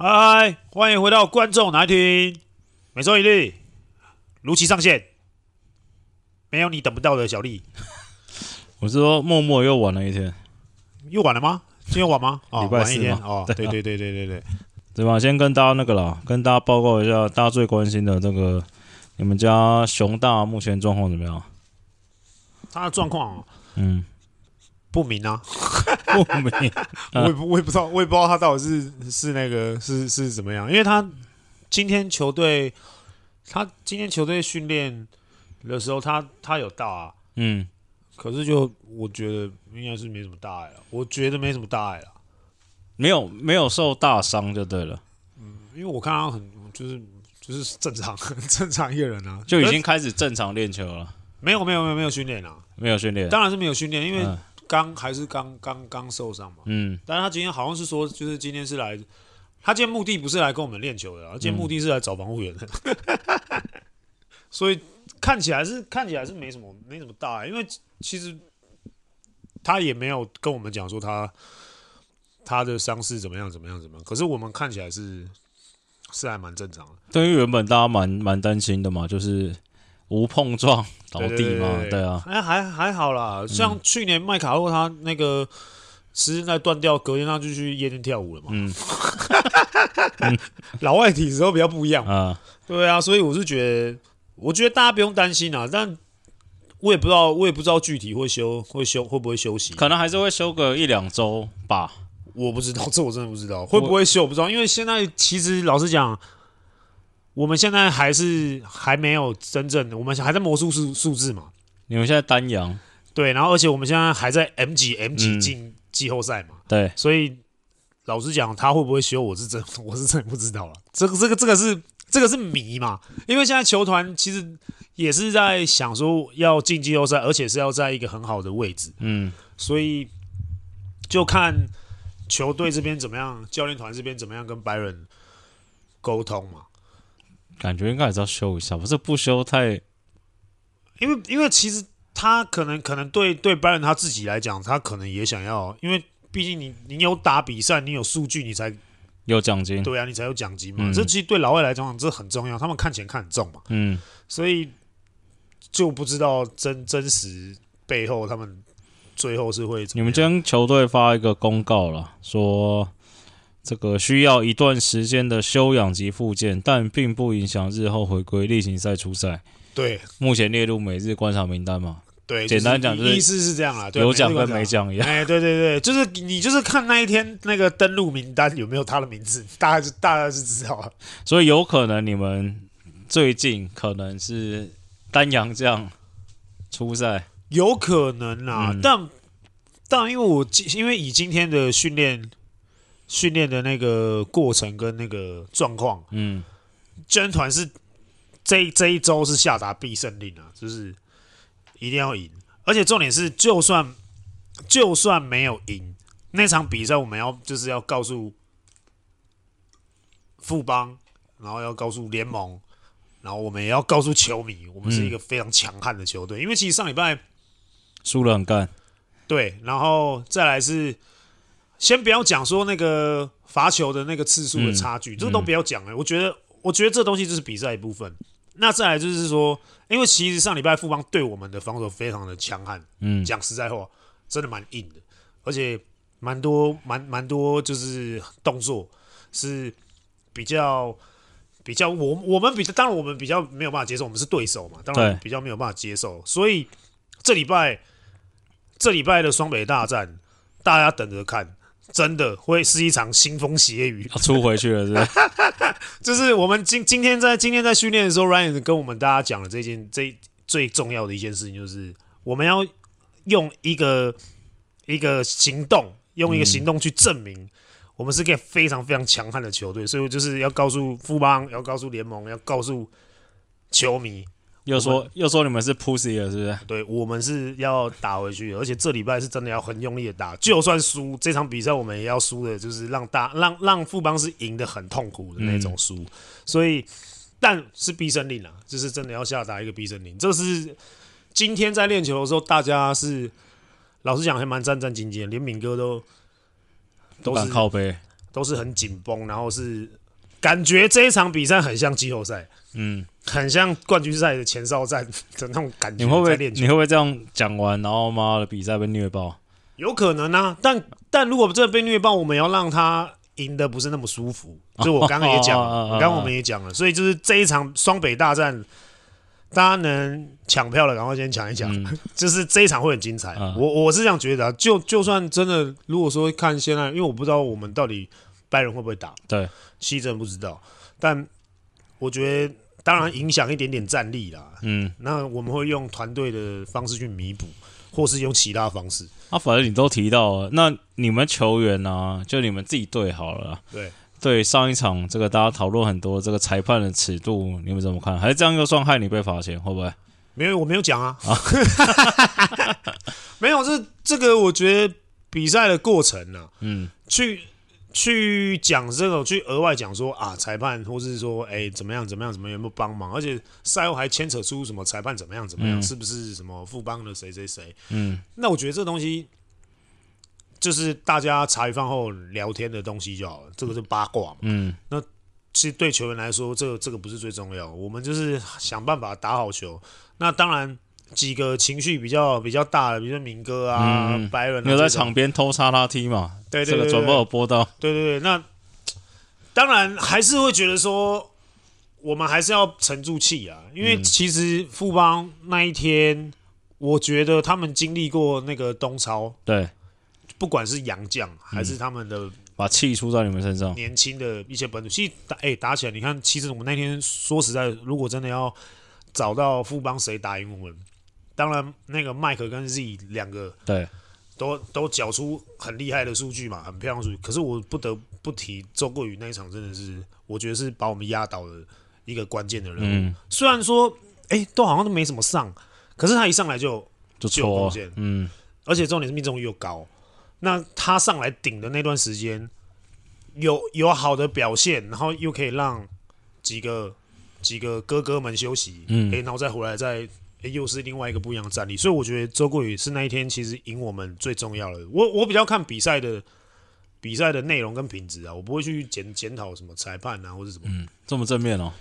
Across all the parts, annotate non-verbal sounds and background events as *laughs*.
嗨，歡迎回到觀眾哪愛看，每週一力如期上線，沒有你等不到的小力。 *laughs* 我是說，默默又晚了一天，又晚了嗎？今天又晚嗎？啊、 *laughs* 哦，晚一天，哦，對對對對對對，對、啊、對吧，先跟大家那個了，跟大家報告一下，大家最關心的那個，你們家熊大目前狀況怎麼樣？他的狀況、哦，嗯。嗯不明啊， *laughs* 不明、啊， *laughs* 我也不我也不知道，我也不知道他到底是是那個是是怎麼樣。因為他今天球隊，他今天球隊訓練的時候他，他他有到啊，嗯，可是就我覺得應該是沒什麼大礙了，我覺得沒什麼大礙了，沒有沒有受大傷就對了，嗯，因為我看他很就是就是正常很正常一個人啊，就已經開始正常練球了，沒有沒有沒有沒有訓練啊，沒有訓練，當然是沒有訓練，因為、嗯。剛還是剛剛剛受傷嘛，嗯，但是他今天好像是說，就是今天是來，他今天目的不是來跟我們練球的，他今天目的是來找防護員的，嗯、 *laughs* 所以看起來是看起來是沒什麼沒什麼大礙，因為其實他也沒有跟我們講說他他的傷勢怎麼樣怎麼樣怎麼樣，可是我們看起來是是還蠻正常的，對於原本大家蠻蠻擔心的嘛，就是。無碰撞倒地嘛，對，對，對，對，對啊，哎、欸，還還好啦。嗯、像去年麥卡洛他那個時間在斷掉，隔天他就去夜店跳舞了嘛。嗯， *laughs* *laughs* 嗯，老外體質都比較不一樣啊、嗯。對啊，所以我是覺得，我覺得大家不用擔心啊。但我也不知道，我也不知道具體會休會休會不會休息，可能還是會休個一兩周吧。我不知道，這我真的不知道會不會休，我不知道，因為現在其實老實講。我們現在還是還沒有真正的，我們還在魔術數數字嘛，你們現在單陽，對，然後而且我們現在還在 M 幾 M 幾進季後賽嘛。嗯、對，所以老實講，他會不會休，我是真我是真的不知道了、啊。這個這個這個是這個是謎嘛。因為現在球團其實也是在想說要進季後賽，而且是要在一個很好的位置，嗯，所以就看球隊這邊怎麼樣，教練團這邊怎麼樣，跟 Byron 溝通嘛。感覺應該還是要修一下吧，這不是不修太。因為因為其實他可能可能對對白人他自己來講，他可能也想要，因為畢竟你你有打比賽，你有數據，你才有獎金，對啊，你才有獎金嘛、嗯。這其實對老外來講這很重要，他們看錢看很重嘛。嗯，所以就不知道真真實背後他們最後是會怎麼。你們將球隊發一個公告了，說。這個需要一段時間的休養及復健，但並不影響日後回歸例行賽出賽。對，目前列入每日觀察名單嘛？對，就是、簡單講、就是，意思是這樣啦、啊，有講跟沒講一樣。哎，欸、對對對，就是你就是看那一天那個登錄名單有沒有他的名字，大家就大家就知道了。所以有可能你們最近可能是單洋將這樣出賽，有可能啊，嗯、但但因為我今因為以今天的訓練。訓練的那個過程跟那個狀況，嗯，軍團是這這一週是下達必勝令啊，就是一定要贏。而且重點是，就算就算沒有贏那場比賽，我們要就是要告訴富邦，然後要告訴聯盟，然後我們也要告訴球迷，我們是一個非常強悍的球隊。嗯，因為其實上禮拜輸了很幹，對，然後再來是。先不要講說那個罰球的那個次數的差距，嗯嗯，這個都不要講了，欸。我覺得，我覺得這東西就是比賽一部分。那再來就是說，因為其實上禮拜富邦對我們的防守非常的強悍，嗯，講實在話，真的蠻硬的，而且蠻多蠻蠻多就是動作是比較比較我，我我們比較當然我們比較沒有辦法接受，我們是對手嘛，當然比較沒有辦法接受。所以這禮拜這禮拜的雙北大戰，大家等着看。真的會是一場腥風血雨，要出回去了是吧？ *laughs* 就是我們今今天在今天在訓練的時候，Ryan 跟我們大家講的這件這最重要的一件事情，就是我們要用一個一個行動，用一個行動去證明我們是個非常非常強悍的球隊，所以就是要告訴富邦，要告訴聯盟，要告訴球迷。又說又說你們是 pussy 了，是不是？對，我們是要打回去的，而且這禮拜是真的要很用力的打，就算輸這場比賽，我們也要輸的，就是讓大讓讓富邦是贏得很痛苦的那種輸。嗯，所以，但是必勝令啊，就是真的要下達一個必勝令，就是今天在練球的時候，大家是老實講，還蠻戰戰兢兢，連敏哥都都是都靠背，都是很緊繃，然後是感覺這一場比賽很像季後賽。嗯，很像冠軍賽的前哨戰的那種感覺。你會不會練？你會不會這樣講完，然後媽的，比賽被虐爆？有可能啊，但但如果真的被虐爆，我們要讓他贏得不是那麼舒服。就我剛剛也講了，剛剛、哦哦哦哦、我們也講了、哦哦，所以就是這一場雙北大戰，大家能搶票的趕快先搶一搶、嗯，就是這一場會很精彩。嗯、我我是這樣覺得、啊，就就算真的，如果說看現在，因為我不知道我們到底拜仁會不會打，對，西鎮不知道，但。我覺得當然影響一點點戰力啦，嗯，那我們會用團隊的方式去彌補，或是用其他方式。那、啊、反正你都提到了，那你們球員呢、啊？就你們自己隊好了。對對，上一場這個大家討論很多，這個裁判的尺度你們怎麼看？還是這樣又算害你被罰錢會不會？沒有，我沒有講啊，啊 *laughs* *laughs* 沒有這這個，我覺得比賽的過程呢、啊，嗯，去。去講這個，去額外講說啊，裁判，或是說，哎、欸，怎麼樣，怎麼樣，怎麼樣有沒有幫忙，而且賽後還牽扯出什麼裁判怎麼樣，怎麼樣，嗯、是不是什麼富邦的誰誰誰？嗯，那我覺得這東西就是大家茶餘飯後聊天的東西就好了，這個是八卦嘛。嗯，那其實對球員來說，這個、這個不是最重要，我們就是想辦法打好球。那當然。幾個情緒比較比較大的，比如說明哥啊、嗯、白人、啊，有在場邊偷沙拉踢嘛？對對對，對，對，轉播有播到。對對對，那當然還是會覺得說，我們還是要沉住氣啊，因為其實富邦那一天，嗯、我覺得他們經歷過那個東超，對，不管是洋將還是他們的，嗯、把氣出在你們身上。年輕的一些本土，其實打哎、欸、打起來，你看，其實我們那天說實在，如果真的要找到富邦誰打贏我們。當然，那個麥克跟 Z 兩個都對都都繳出很厲害的數據嘛，很漂亮數據。可是我不得不提周桂羽那一場，真的是、嗯、我覺得是把我們壓倒的一個關鍵的人。嗯，雖然說哎、欸、都好像都沒怎麼上，可是他一上來就就，就有貢獻。嗯，而且重點是命中率又高。那他上來頂的那段時間有有好的表現，然後又可以讓幾個幾個哥哥們休息。嗯，欸、然後再回來再。又是另外一個不一樣的戰力，所以我覺得周國宇是那一天其實贏我們最重要的。我我比較看比賽的，比賽的內容跟品質啊，我不會去檢檢討什麼裁判啊或者什麼。嗯，這麼正面哦？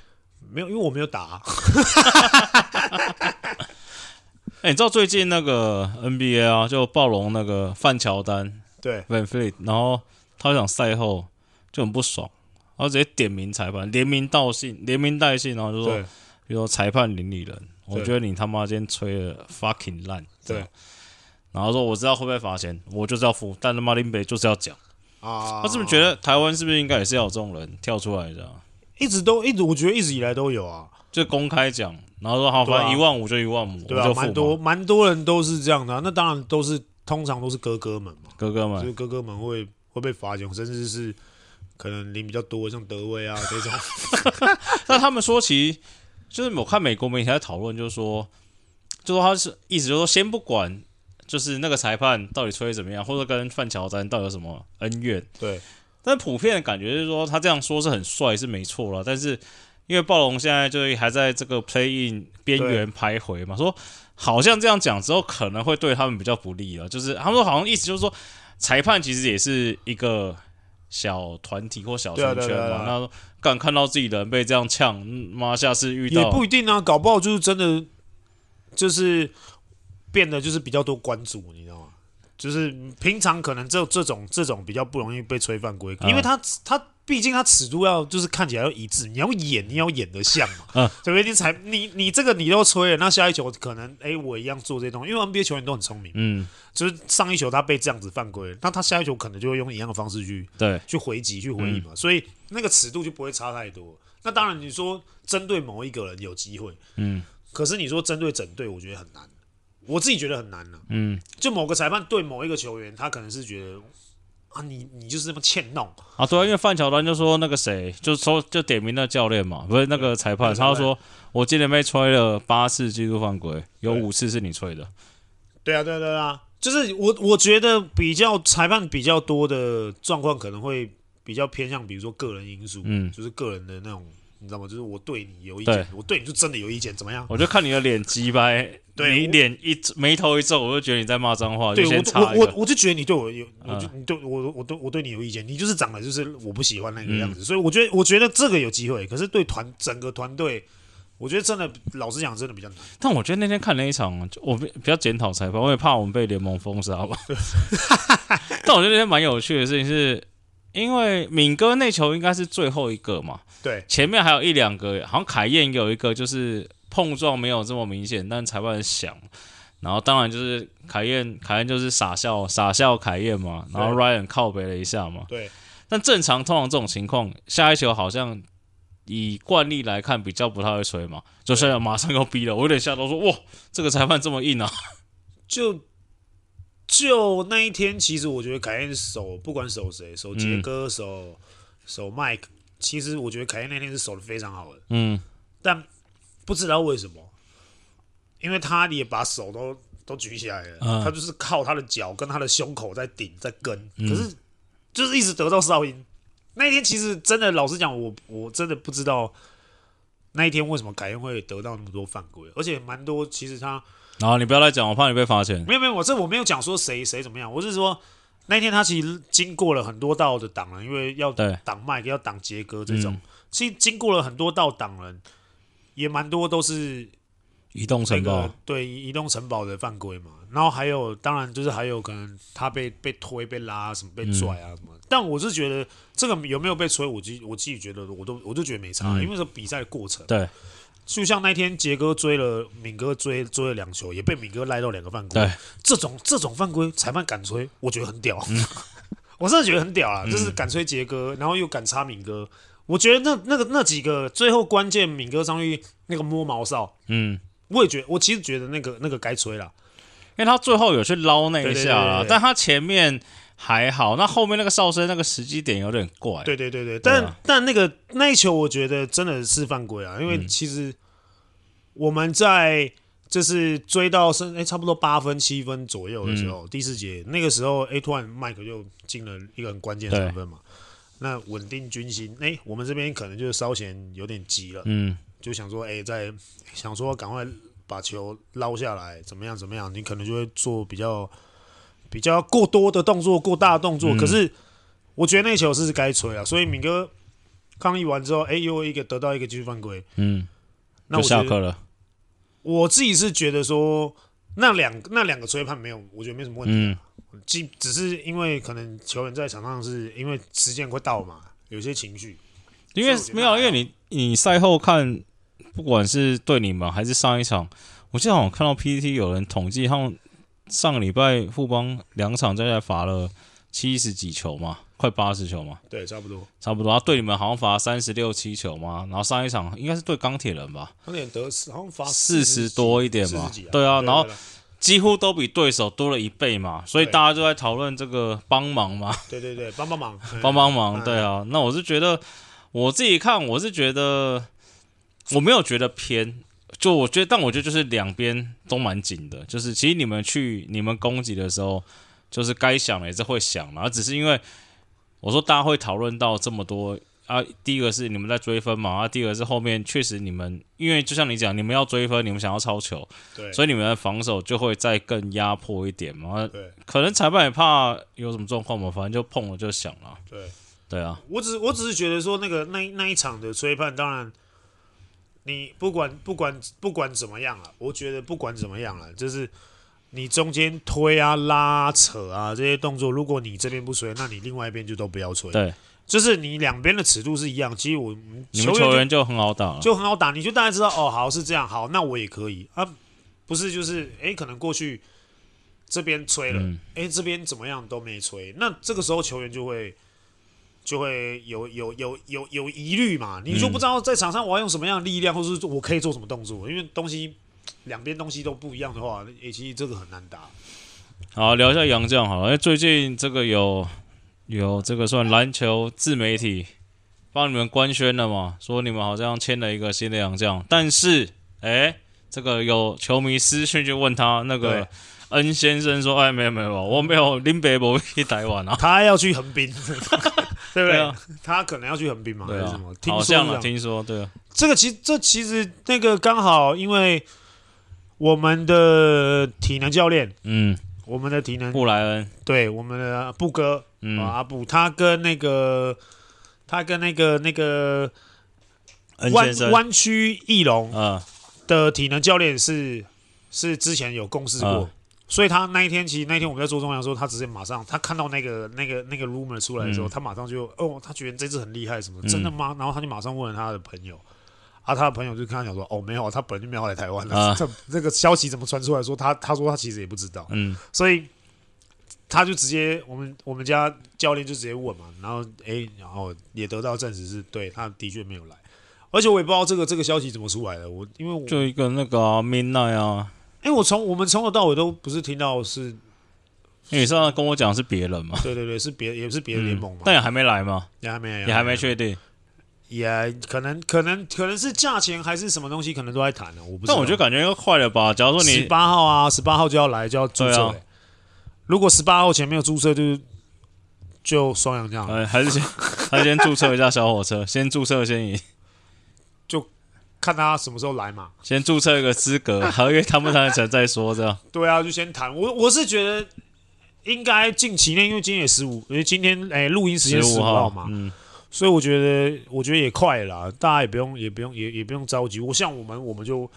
沒有，因為我沒有打、啊。哎、 *laughs* *laughs* 欸，你知道最近那個 NBA 啊，就暴龍那個范喬丹，對，Van Fleet，然後他那場賽後就很不爽，然後直接點名裁判，連名道姓，連名帶姓，然後就說。比如說裁判鄰里人，我覺得你他媽今天吹的 fucking 爛對，對。然後說我知道會不會罰錢，我就是要付，但他媽林北就是要講啊。他是不是覺得台灣是不是應該也是要有這種人跳出來的、啊？一直都一直，我覺得一直以來都有啊，就公開講，然後說好，反正一萬五就一萬五，對啊，蠻、啊、多蠻多人都是這樣的、啊。那當然都是通常都是哥哥們嘛，哥哥們，就哥哥們會會被罰錢，甚至是可能領比較多，像德威啊 *laughs* 這一種。那 *laughs* *laughs* *laughs* *laughs* 他們說起，其就是我看美國媒體還在討論，就是說，就說他是意思就是說，先不管就是那個裁判到底吹怎麼樣，或者跟范喬丹到底有什麼恩怨。對。但普遍的感覺就是說，他這樣說是很帥，是沒錯啦。但是因為暴龍現在就是還在這個 play-in 邊、嗯、緣徘徊嘛，說好像這樣講之後可能會對他們比較不利啦。就是他們說好像意思就是說，裁判其實也是一個。小團體或小圈圈嘛，對啊對對啊，那敢看到自己的人被這樣嗆，媽，下次遇到也不一定啊，搞不好就是真的，就是變得就是比較多關注，你知道嗎？就是平常可能就這種這種比較不容易被吹犯規，哦，因為他他。畢竟他尺度要就是看起來要一致，你要演你要演得像嘛，所、啊、對不對，你才你你這個你都吹了，那下一球可能哎我一樣做這些東西，因為 NBA 球員都很聰明，嗯，就是上一球他被這樣子犯規，那他下一球可能就會用一樣的方式去對去回擊去回應嘛，嗯、所以那個尺度就不會差太多。那當然你說針對某一個人有機會，嗯，可是你說針對整隊，我覺得很難，我自己覺得很難、啊、嗯，就某個裁判對某一個球員，他可能是覺得。啊、你你就是這麼欠弄啊？對啊，因為范喬丹就說那個誰，就說就點名那教練嘛，不是那個裁判，他就說，我今年被吹了八次技術犯規，有五次是你吹的。對啊，對啊，對啊，就是我我覺得比較裁判比較多的狀況，可能會比較偏向，比如說個人因素，嗯，就是個人的那種。你知道嗎？就是我對你有意見，我對你就真的有意見，怎麼樣？我就看你的臉雞掰。 *laughs* 對你臉一眉頭一皺，我就覺得你在罵髒話，對，就先插一我我，我就覺得你對我有，呃、我就你對我，我對我，我對你有意見，你就是長得就是我不喜歡那個樣子，嗯、所以我覺得我覺得這個有機會，可是對團整個團隊，我覺得真的老實講真的比較難。但我覺得那天看那一場，我比較檢討裁判，我也怕我們被聯盟封殺吧。 *laughs* *laughs* 但我覺得那天蠻有趣的事情是。因為敏哥那球應該是最後一個嘛，對，前面還有一兩個，好像凱燕有一個就是碰撞沒有這麼明顯，但裁判響，然後當然就是凱燕，凱燕就是傻笑，傻笑凱燕嘛，然後 Ryan 靠北了一下嘛，對，但正常通常這種情況下一球好像以慣例來看比較不太會吹嘛，就現在馬上要逼了，我有點嚇到說哇，這個裁判這麼硬啊，就。就那一天，其實我覺得凱燕守不管守誰，守傑哥、守、嗯、守 Mike，其實我覺得凱燕那天是守得非常好的。嗯，但不知道為什麼，因為他也把手都都舉起來了、啊，他就是靠他的腳跟他的胸口在頂在跟，可是就是一直得到哨音。嗯、那一天其實真的，老實講，我我真的不知道那一天為什麼凱燕會得到那麼多犯規，而且蠻多。其實他。然、啊、你不要來講，我怕你被罰錢。沒有沒有，我這我沒有講說誰誰怎麼樣，我是說那天他其實經過了很多道的擋人，因為要擋麥，要擋杰哥這種、嗯，其實經過了很多道擋人，也蠻多都是、那個、移動城堡對移動城堡的犯規嘛。然後還有當然就是還有可能他被被推被拉什麼被拽啊什麼、嗯，但我是覺得這個有沒有被吹，我自我自己覺得我都我都覺得沒差，嗯、因為是比賽的過程對。就像那天杰哥追了敏哥追追了兩球，也被敏哥賴到兩個犯規。對，這種這種犯規，裁判敢吹，我覺得很屌。嗯、 *laughs* 我真的覺得很屌啊、嗯，就是敢吹杰哥，然後又敢插敏哥。我覺得那那個那幾個最後關鍵，敏哥上去那個摸毛哨，嗯，我也覺我其實覺得那個那個該吹了，因為他最後有去撈那一下了，但他前面。還好，那後面那個哨聲那個時機點有點怪，欸。對對對對，但對、啊、但那個那一球我覺得真的是犯規啊，因為其實我們在就是追到是哎、欸、差不多八分七分左右的時候，嗯、第四節那個時候，欸、突然 Mike 就進了一個很關鍵的三分嘛。那穩定軍心，哎、欸，我們這邊可能就是稍嫌有點急了，嗯，就想說哎、欸，在想說趕快把球撈下來，怎麼樣怎麼樣，你可能就會做比較。比較過多的動作，過大的動作，嗯，可是我覺得那球是該吹啊。所以敏哥抗議完之後，哎、欸，又一個得到一個技術犯規。嗯，那我下課了。我自己是覺得說，那兩那兩個吹判沒有，我覺得沒什麼問題。嗯，只只是因為可能球員在場上是因為時間快到嘛，有些情緒。因為沒有，因為你你賽後看，不管是對你嘛還是上一場，我記得我看到 PTT 有人統計他們。上個禮拜富邦兩場，在那罰了七十幾球嘛，快八十球嘛。對，差不多，差不多。他、啊、對你們好像罰三十六七球嘛，然後上一場應該是對鋼鐵人吧，有點得失，好像罰四十多一點嘛、啊對啊對啊。對啊，然後、啊啊、幾乎都比對手多了一倍嘛，所以大家就在討論這個幫忙嘛。對對對，幫幫忙，幫 *laughs* 幫忙。對啊，那我是覺得我自己看，我是覺得我沒有覺得偏。就我覺得，但我覺得就是兩邊都蠻緊的。就是其實你們去你們攻擊的時候，就是該響的也是會響嘛。只是因為我說大家會討論到這麼多啊。第一個是你們在追分嘛，啊，第二個是後面確實你們因為就像你講，你們要追分，你們想要抄球，所以你們的防守就會再更壓迫一點嘛，啊。可能裁判也怕有什麼狀況嘛，反正就碰了就響了。對，對啊。我只是我只是覺得說那個那那一場的吹判，當然。你不管不管不管怎麼樣啊，我覺得不管怎麼樣啊，就是你中間推啊、拉扯啊這些動作，如果你這邊不吹，那你另外一邊就都不要吹。對，就是你兩邊的尺度是一樣。其實我你們球員就，就很好打，就很好打，你就大概知道哦，好是這樣，好那我也可以啊。不是就是哎，可能過去這邊吹了，哎、嗯、這邊怎麼樣都沒吹，那這個時候球員就會。就會有有有有有疑慮嘛？你就不知道在場上我要用什麼樣的力量，或是我可以做什麼動作？因為東西兩邊東西都不一樣的話，也其實這個很難打，嗯。好，聊一下洋將好了。哎，欸，最近這個有有這個算籃球自媒體幫你們官宣了嘛？說你們好像簽了一個新的洋將，但是哎，欸，這個有球迷私訊就問他那個恩先生說：“哎，沒有沒有，我沒有拎北去台灣啊，他要去橫濱。 *laughs* *laughs* ”對不對，對、啊，他可能要去橫濱嘛，對、啊，是什麼，聽說是什麼？好這樣、啊、聽說，對啊。這個其實，這其實那個剛好，因為我們的體能教練，嗯，我們的體能布萊恩，對，我們的布哥，嗯，阿、啊、布，他跟那個，他跟那個那個彎彎曲翼龍的體能教練是、呃、是之前有共事過。哦所以他那一天，其實那天我們在做中央說，他直接馬上，他看到那個那個那個 rumor 出來的時候，嗯、他馬上就哦，他覺得這次很厲害，什麼的、嗯、真的嗎？然後他就馬上問了他的朋友，啊，他的朋友就跟他講說，哦，沒有，他本來就沒有來台灣的，這、啊、這個消息怎麼傳出來說他？他說他其實也不知道，嗯，所以他就直接我們我們家教練就直接問嘛，然後哎、欸，然後也得到證實是對，他的確沒有來，而且我也不知道這個這個消息怎麼出來的，我因為我就一個那個 Minai 啊。明哎、欸，我從我們從頭到尾都不是聽到是，因、欸、為你上次跟我講是別人嘛？對對對，是別也是別的聯盟嘛、嗯？但也還沒來嘛？也還沒、啊、也還沒確定，也、啊、可能可能可能是價錢還是什麼東西，可能都在談呢、啊。我不知道，但我就感覺要快了吧？假如說你十八號啊，十八號就要來就要注冊、欸啊，如果十八號前沒有注冊，就是、就雙陽這樣。哎、欸，還是先 *laughs* 還是先注冊一下小火車， *laughs* 先注冊先贏就。看他什麼時候來嘛，先註冊一個資格， *laughs* 因為談不談成再說，這樣。對啊，就先談。我我是覺得應該近期內，因為今天也十五，因為今天哎錄、欸、音時間十五號嘛，嗯，所以我覺得我覺得也快了啦，大家也不用也不用也也不用着急。我像我們我們就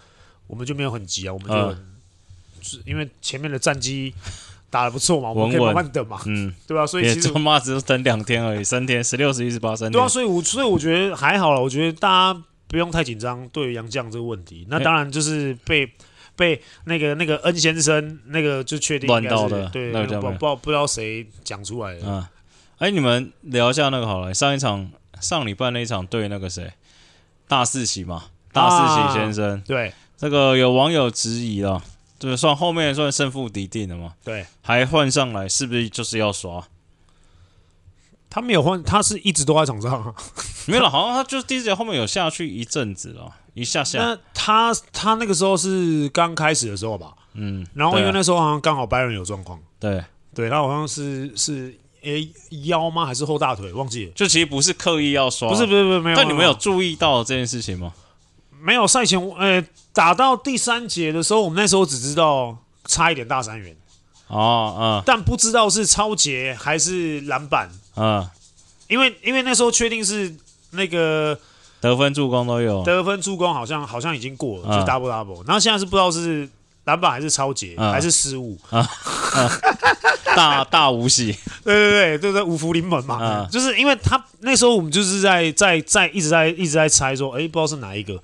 我們就沒有很急啊，我們就、呃、是因為前面的戰績打得不錯嘛，穩穩，我們可以慢慢等嘛，嗯，對吧、啊？所以其實嘛只是等兩天而已，三天，十六、十七、十八，三天。對啊，所以我，我所以我覺得還好了，我覺得大家。不用太緊張，對洋將這個問題，那當然就是被被那個那個恩先生那個就確定斷刀的，對，不、那、不、個、不知道誰講出來的。嗯，哎、欸，你們聊一下那個好了、欸，上一場上禮拜那一場對那個誰，大四喜嘛，大四喜先生、啊，對，這個有網友質疑了，就是算後面算勝負已定了嘛？對，還換上來是不是就是要刷？他沒有換，他是一直都在場上、啊， *laughs* 沒有，了，好像他就是第一節後面有下去一陣子哦，一下下。那他他那個時候是剛開始的時候吧？嗯，然後因為那時候好像剛好 Byron 有狀況，對對，他好像是是誒、欸、腰嗎？還是後大腿？忘記了，就其實不是刻意要刷，不是不是不是沒有。但你們有，有注意到這件事情嗎？沒有，賽前呃、欸，打到第三節的時候，我們那時候只知道差一點大三元，哦嗯、呃，但不知道是抄截還是籃板。啊、嗯，因為因為那時候確定是那個得分助攻都有，得分助攻好像好像已經過了、嗯，就 double double，然後現在是不知道是籃板還是抄截、嗯、還是失誤、嗯嗯、 *laughs* 大大五喜，對 *laughs* 對對對對，就是、五福臨門嘛、嗯，就是因為他那時候我們就是在在在，在一直在一直在猜說，哎、欸，不知道是哪一個，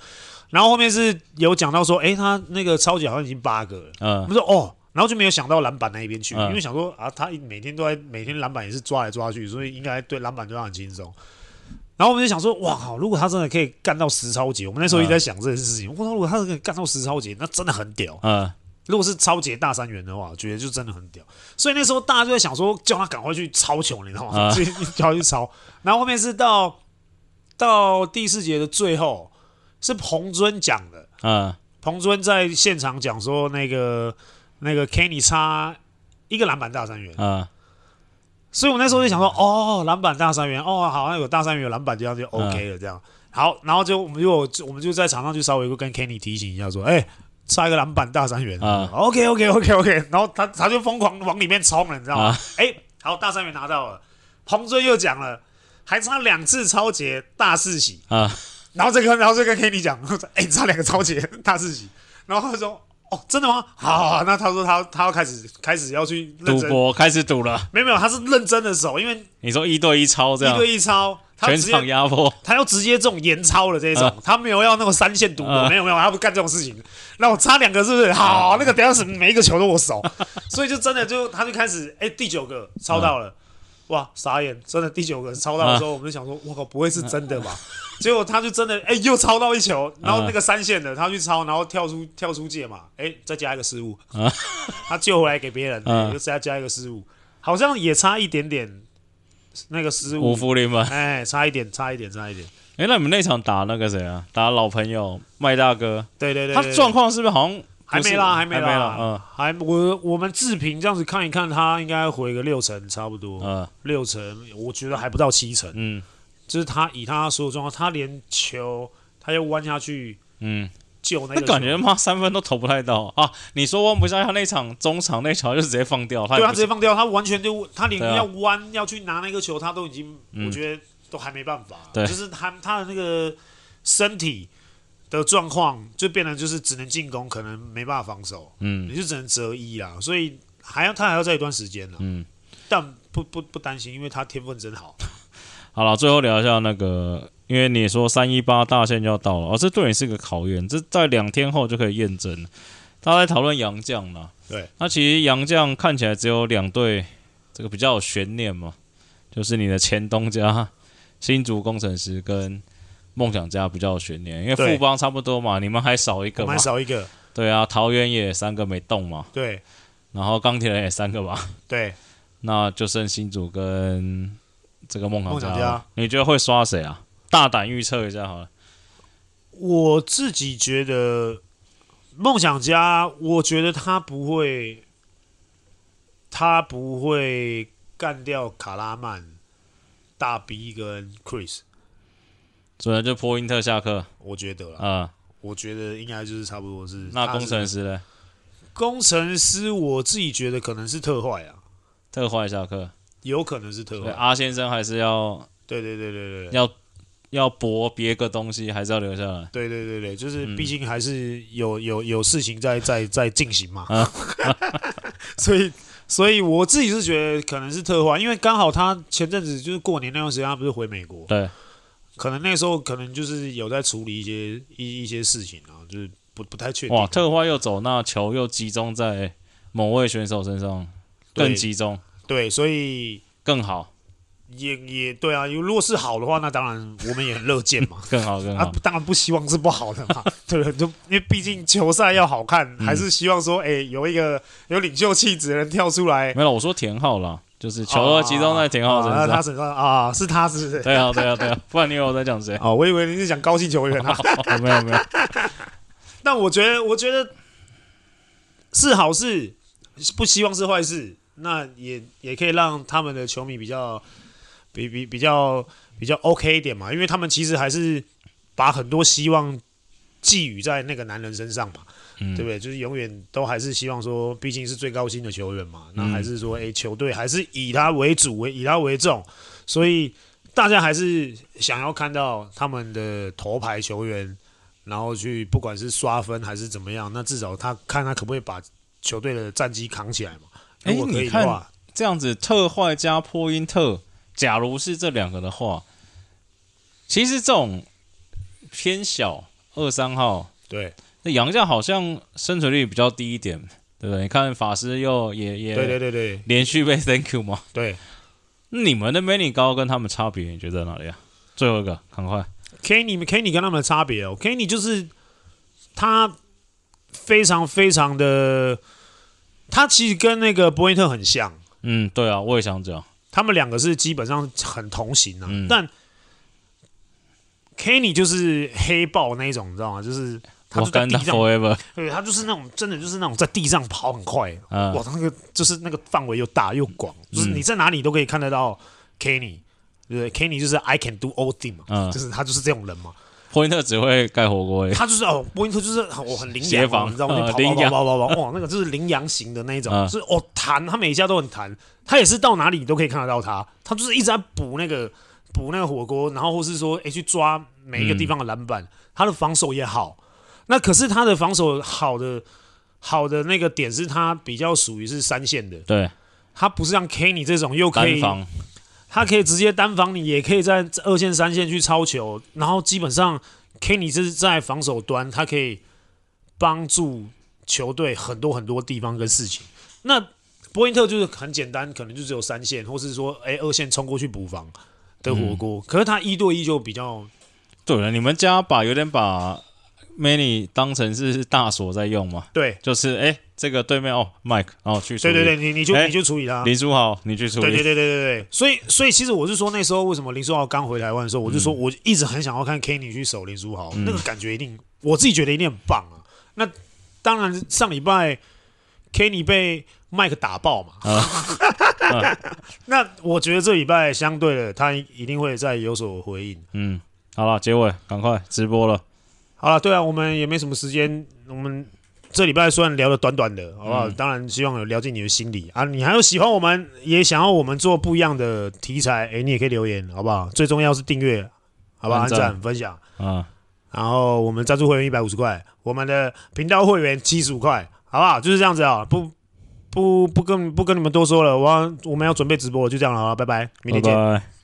然後後面是有講到說，哎、欸，他那個抄截好像已經八個了，嗯，我們說哦。然後就沒有想到籃板那一邊去，因為想說啊，他每天都在每天籃板也是抓來抓去，所以應該對籃板都很輕鬆。然後我們就想說，哇，好，如果他真的可以幹到十超級，我們那時候一直在想這件事情。我說，如果他真的可以幹到十超級，那真的很屌。嗯，如果是超級大三元的話，我覺得就真的很屌。所以那時候大家就在想說，叫他趕快去抄球，你知道嗎？去超去超。 *laughs* 然後後面是到到第四節的最後，是彭尊講的。嗯，彭尊在現場講說那個。那個 Kenny 差一個籃板大三元啊、嗯，所以我那時候就想說，嗯、哦，籃板大三元，哦，好像有、那個、大三元有籃板這樣就 OK 了，嗯、這樣好，然後就我們就，就我們就在場上去稍微就跟 Kenny 提醒一下，說，哎、欸，差一個籃板大三元啊、嗯嗯、，OK OK OK OK，然後他他就瘋狂往裡面衝了，你知道嗎？哎、嗯欸，好，大三元拿到了，彭尊又講了，還差兩次超級大四喜啊、嗯，然後這個，然後這跟 Kenny 講，哎、欸，差兩個超級大四喜，然後他說。哦，真的嗎？好，好，好，那他說他他要開始開始要去賭博，開始賭了。沒有沒有，他是認真的守，因為你說一對一抄這樣，一對一抄，全場壓迫，他要直接這種嚴抄的這種、呃，他沒有要那種三線賭博、呃，沒有沒有，他不幹這種事情。那我插兩個是不是？呃、好，那個等下是每一個球都我守，所以就真的就他就開始哎，第九個抄到了。呃哇，傻眼！真的第九個人超到的時候、啊，我們就想說，我靠，不會是真的吧？啊、結果他就真的，哎、欸，又超到一球，然後那個三線的、啊、他去超，然後跳出跳出界嘛，哎、欸，再加一個失誤、啊，他救回來給別人，又、啊欸、再加一個失誤，好像也差一點點，那個失誤五福臨門，哎、欸，差一點，差一點，差一點。哎、欸，那你們那場打那個誰啊？打老朋友麥大哥，對對對、對、對、對、對，他狀況是不是好像？還沒啦，還沒啦，嗯、呃，還我我們自評這樣子看一看，他應該回個六成差不多，嗯、呃，六成，我覺得還不到七成，嗯，就是他以他所有狀況，他連球，他要彎下去，嗯，救那，那感覺他媽三分都投不太到啊！你說彎不下他那場中場那場就直接放掉，他對、啊、他直接放掉，他完全就他連要彎、啊、要去拿那個球，他都已經、嗯，我覺得都還沒辦法，對，就是他他的那個身體。的狀況就變得就是只能進攻，可能沒辦法防守，嗯，你就只能擇一啦。所以還要他還要再一段時間呢，嗯，但不不不擔心，因為他天分真好。好了，最後聊一下那個，因為你說三一八大限就要到了，哦，這對你是個考驗，這在兩天後就可以驗證。大家在討論洋將了，對，那其實洋將看起來只有兩隊，這個比較有懸念嘛，就是你的前東家新竹工程師跟。夢想家比較懸念，因為富邦差不多嘛，你們還少一個嘛，還少一個，對啊，桃園也三個沒動嘛，對，然後鋼鐵人也三個吧，對， *laughs* 那就剩新竹跟這個夢想，想家，你覺得會刷誰啊？大膽預測一下好了，我自己覺得夢想家，我覺得他不會，他不會幹掉卡拉曼、大 B 跟 Chris。主要就坡因特下課，我覺得啊、嗯，我覺得應該就是差不多是。那工程師呢？工程師，我自己覺得可能是特壞啊，特壞下課，有可能是特壞。阿先生還是要，對對對對對，要要搏別個東西，還是要留下來？對對對對，就是畢竟還是有、嗯、有有事情在在在進行嘛。嗯、 *laughs* *laughs* 所以所以我自己是覺得可能是特壞，因為剛好他前陣子就是過年那段時間，他不是回美國？對。可能那時候可能就是有在處理一些一一些事情啊，就是不不太確定話。哇，特花又走，那球又集中在某位選手身上，對，更集中。對，所以更好。也也對啊，如果是好的話，那當然我們也很樂見嘛。 *laughs* 更好，更好。啊，當然不希望是不好的嘛。 *laughs* 對，就因為畢竟球賽要好看、嗯，還是希望說，哎、欸，有一個有領袖氣質的人跳出來。沒有啦，我說田浩了。就是球都集中在田好的啊，啊啊他是啊，是他是，不是，對啊，對啊，對啊，不然你以為我在講誰？哦、啊，我以為你是講高級球員啊，沒、哦、有沒有。沒有 *laughs* 但我覺得，我覺得是好事，不希望是壞事。那也也可以讓他們的球迷比較，比比比較比較 OK 一點嘛，因為他們其實還是把很多希望。寄予在那個男人身上嘛，嗯、對不對？就是永遠都還是希望說，畢竟是最高薪的球員嘛，嗯、那還是說，誒球隊還是以他為主為以他為重，所以大家還是想要看到他們的頭牌球員，然後去不管是刷分還是怎麼樣，那至少他看他可不可以把球隊的戰績扛起來嘛？如果可以的話，你看這樣子，特壞加波音特，假如是這兩個的話，其實這種偏小。二三號，對，那洋將好像生存率比較低一點，對不對？你看法師又也也，對對對對，連續被 thank you 嘛，對。那你們的 many 高跟他們差別，你覺得在哪裡啊？最後一個，趕快。Kenny，Kenny、okay, 跟他們的差別哦，Kenny 就是他非常非常的，他其實跟那個博伊特很像。嗯，對啊，我也想講，他們兩個是基本上很同型啊，嗯、但。Kenny 就是黑豹那一種，你知道嗎？就是他就在地上，對，他就是那種真的就是那種在地上跑很快，哇、嗯，那個就是那個範圍又大又廣，就是你在哪裡都可以看得到 Kenny，嗯對對。對，Kenny 就是 I can do all things 嘛，嗯，就是他就是這種人嘛。波音特只會蓋火鍋，他就是哦，o 波音特，嗯、就是我很羚羊，你知道嗎？靈跑哇，那個就是羚羊型的那一種，是哦彈，他每一下都很彈，他也是到哪裡都可以看得到他，他就是一直在補那個。補那個火鍋，然後或是說、欸、去抓每一個地方的籃板、嗯，他的防守也好。那可是他的防守好的好的那個點是，他比較屬於是三線的。對，他不是像 Kenny 這種又可以防，他可以直接單防你，也可以在二線、三線去抄球。然後基本上 Kenny 是在防守端，他可以幫助球隊很多很多地方跟事情。那波因特就是很簡單，可能就只有三線，或是說哎、欸、二線衝過去補防。的火鍋，可是他一對一就比較。對了，你們家把有點把 many 當成是大鎖在用嘛。對，就是哎、欸，這個對面哦，Mike，哦去處理，對對對，你你就、欸、你就處理他，林書豪，你去處理，對對對對對對。所以，所以其實我是說，那時候為什麼林書豪剛回台灣的時候，嗯、我就說我一直很想要看 Kenny 去守林書豪，嗯、那個感覺一定，我自己覺得一定很棒啊。那當然，上禮拜 Kenny 被 Mike 打爆嘛。嗯 *laughs* *laughs* 那我覺得這禮拜相對的，他一定會再有所回應。嗯，好了，結尾趕快直播了。好了，對啊，我們也沒什麼時間。我們這禮拜雖然聊得短短的，好不好、嗯？當然希望有了解你的心理啊。你還有喜歡，我們也想要我們做不一樣的題材，哎，你也可以留言，好不好？最重要是訂閱，好不好？按讚、分享啊、嗯。然後我們贊助會員一百五十塊，我們的頻道會員七十五塊，好不好？就是這樣子哦，不。不不跟不跟你們多說了，我要我們要準備直播，就這樣好了啊，拜拜，明天見。Bye bye.